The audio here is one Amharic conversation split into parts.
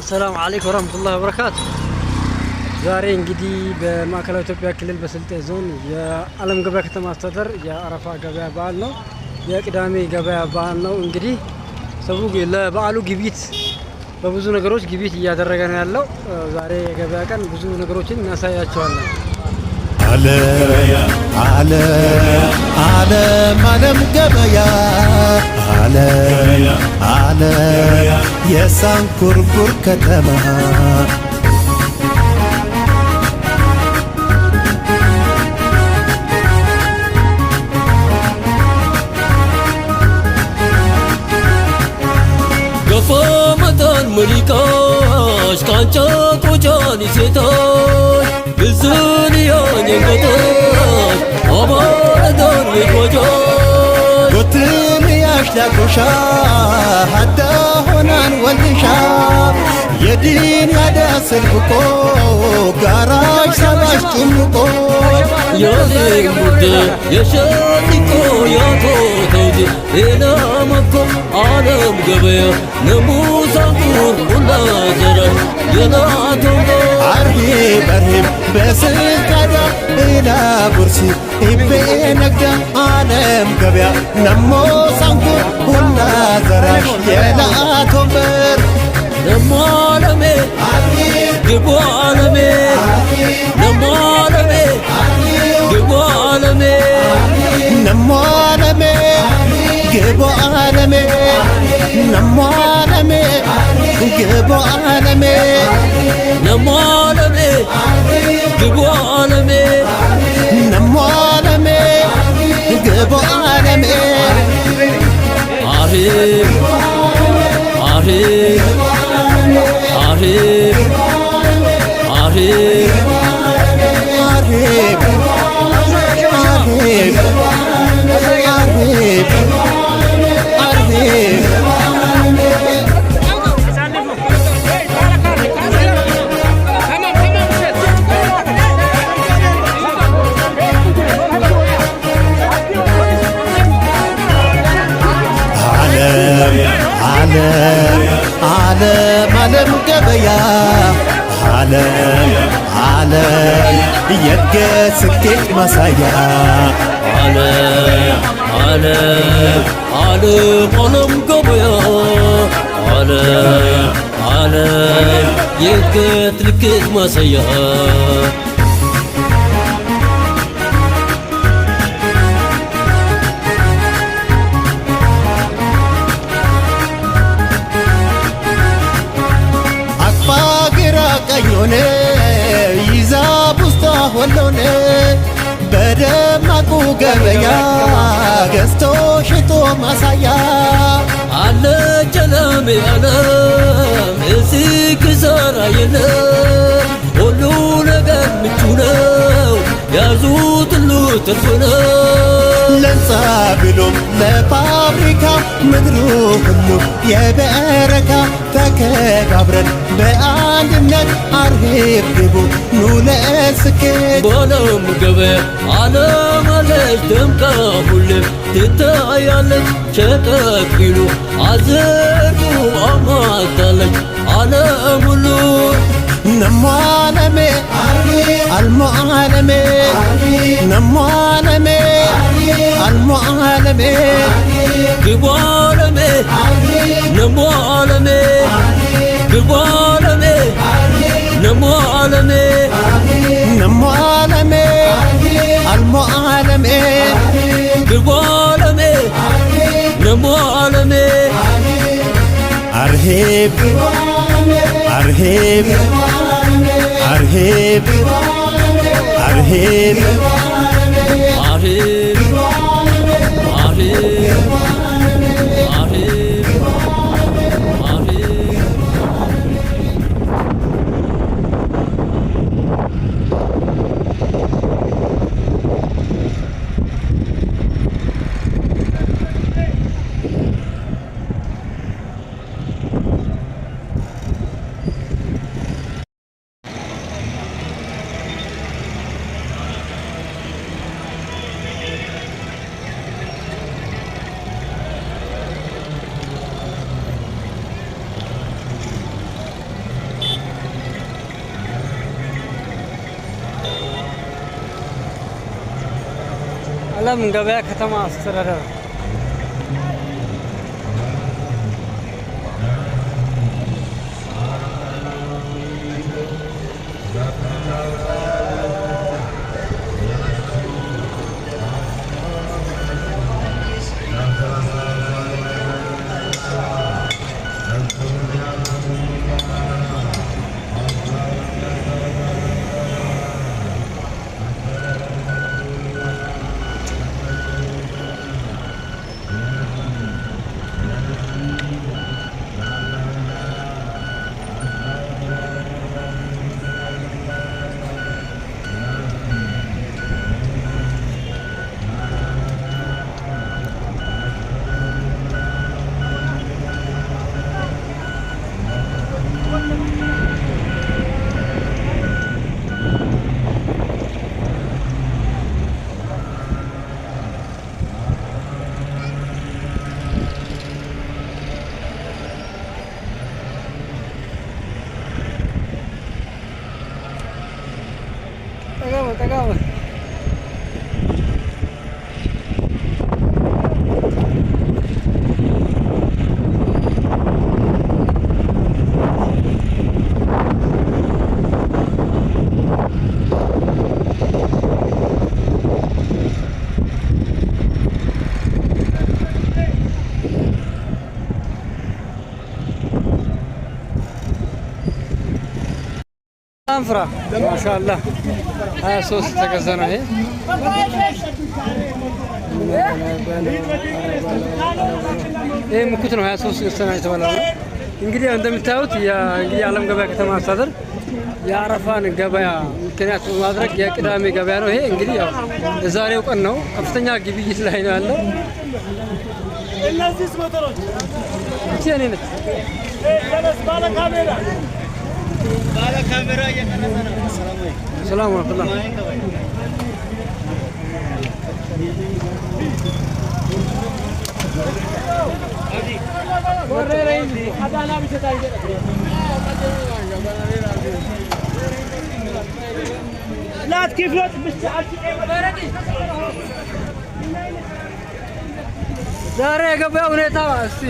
አሰላሙ አለይኩም ወረህመቱላሂ ወበረካቱ። ዛሬ እንግዲህ በማዕከላዊ ኢትዮጵያ ክልል በስልጤ ዞን የአለም ገበያ ከተማ አስተዳደር የአረፋ ገበያ በዓል ነው። የቅዳሜ ገበያ በዓል ነው። እንግዲህ ሰው ለበዓሉ ግብይት በብዙ ነገሮች ግብይት እያደረገ ነው ያለው። ዛሬ የገበያ ቀን ብዙ ነገሮችን እናሳያቸዋለን። አለም አለም ገበያ አለ አለ የሳንኩርኩር ከተማ ገፎ መጠን ሙዚቃሽ ካንቻ ቁጫን ሴቶች ብዙን ያኝንገቶች አባረዶን ቤት ወጆች ሆነሽ ላኩሻ ሀዳ ሆናን ወልሻ የዲን ያደስል ብቆ ጋራሽ ሰባሽ ጭምቆ የዜግ ሙዴ የሸኒቆ ያቶ ተውዲ ሌላ መኮ አለም ገበያ ነሙሳንቁር ሁላዘረ የናቶንጎ አርሂ በርሂብ በስንካዳ ሌላ ቡርሲ ኢቤ ነግደ አለም ገበያ ነሞ ሳንኩ ሁና ዘራሽ የላቶንበር ነሞ አለሜ ግቦ አለሜ ነሞ አለሜ ግቦ ነሞ ግቦ ነሞ ግቦ ነሞ ግቦ bo aneme ஆன ஆன மனம் கவையா ஆன ஆன எக்க சுக்கே மசாயா ஆன ஆன ஆன மனம் கவையா ஆன ஆன எக்க திருக்கே மசாயா ቀዩን ይዛ ውስጧ ሁሉን በደማቁ ገበያ ገዝቶ ሽጦ ማሳያ አለ ጨለም ያለም እዚህ ኪሳራ የለም። ሁሉ ነገር ምቹ ነው ያዙት ሁሉ ትርፍ ነው። ለንጻ ብሎም ለፋብሪካ ምድሩ ሁሉ የበረካ ተከባብረን በአንድነት አርሄብቡ ኑ ስኬት በዓለም ገበያ ዓለም አለች ደምቃ ሁሌም ትታያለች ሸቀጥ ቢሉ አዘርጉ አማታለች ዓለም ሁሉ ነሞ ዓለሜ አልሞ ዓለሜ ነሞ ዓለሜ أرهب أرهب أرهب أرهب أرهب أرهب मतलब गवया ख़त्म आस्तर tagaw, tagaw. ስፍራ ማሻላ 23 ተገዘ ነው ይሄ ይህ ምኩት ነው 23 ገሰና የተበላ ነው። እንግዲህ እንደምታዩት እንግዲህ የዓለም ገበያ ከተማ አስተዳደር የአረፋን ገበያ ምክንያት በማድረግ የቅዳሜ ገበያ ነው ይሄ እንግዲህ ያው የዛሬው ቀን ነው። ከፍተኛ ግብይት ላይ ነው ያለው። እነዚህ ሞተሮች እኔ ሰላም ወረህመቱላህ ዛሬ የገበያ ሁኔታ እስኪ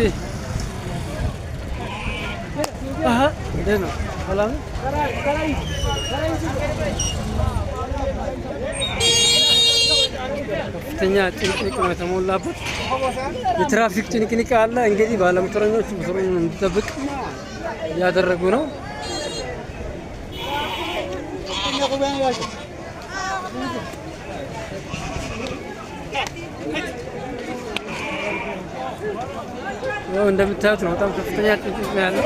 ከፍተኛ ጭንቅንቅ ነው የተሞላበት። የትራፊክ ጭንቅንቅ አለ። እንግዲህ ባለሞተረኞች ሞተሩን እንዲጠብቅ እያደረጉ ነው። እንደምታዩት ነው። በጣም ከፍተኛ ጭንቅንቅ ነው ያለው።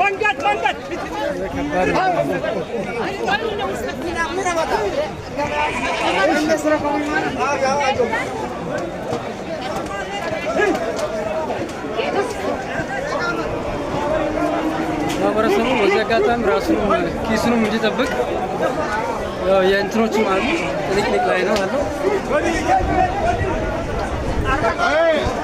Bangat, bangat. ማህበረሰቡ በዚህ አጋጣሚ ራሱን ኪሱንም እንዲጠብቅ የእንትኖችም አሉ ጥንቅንቅ ላይ ነው አለው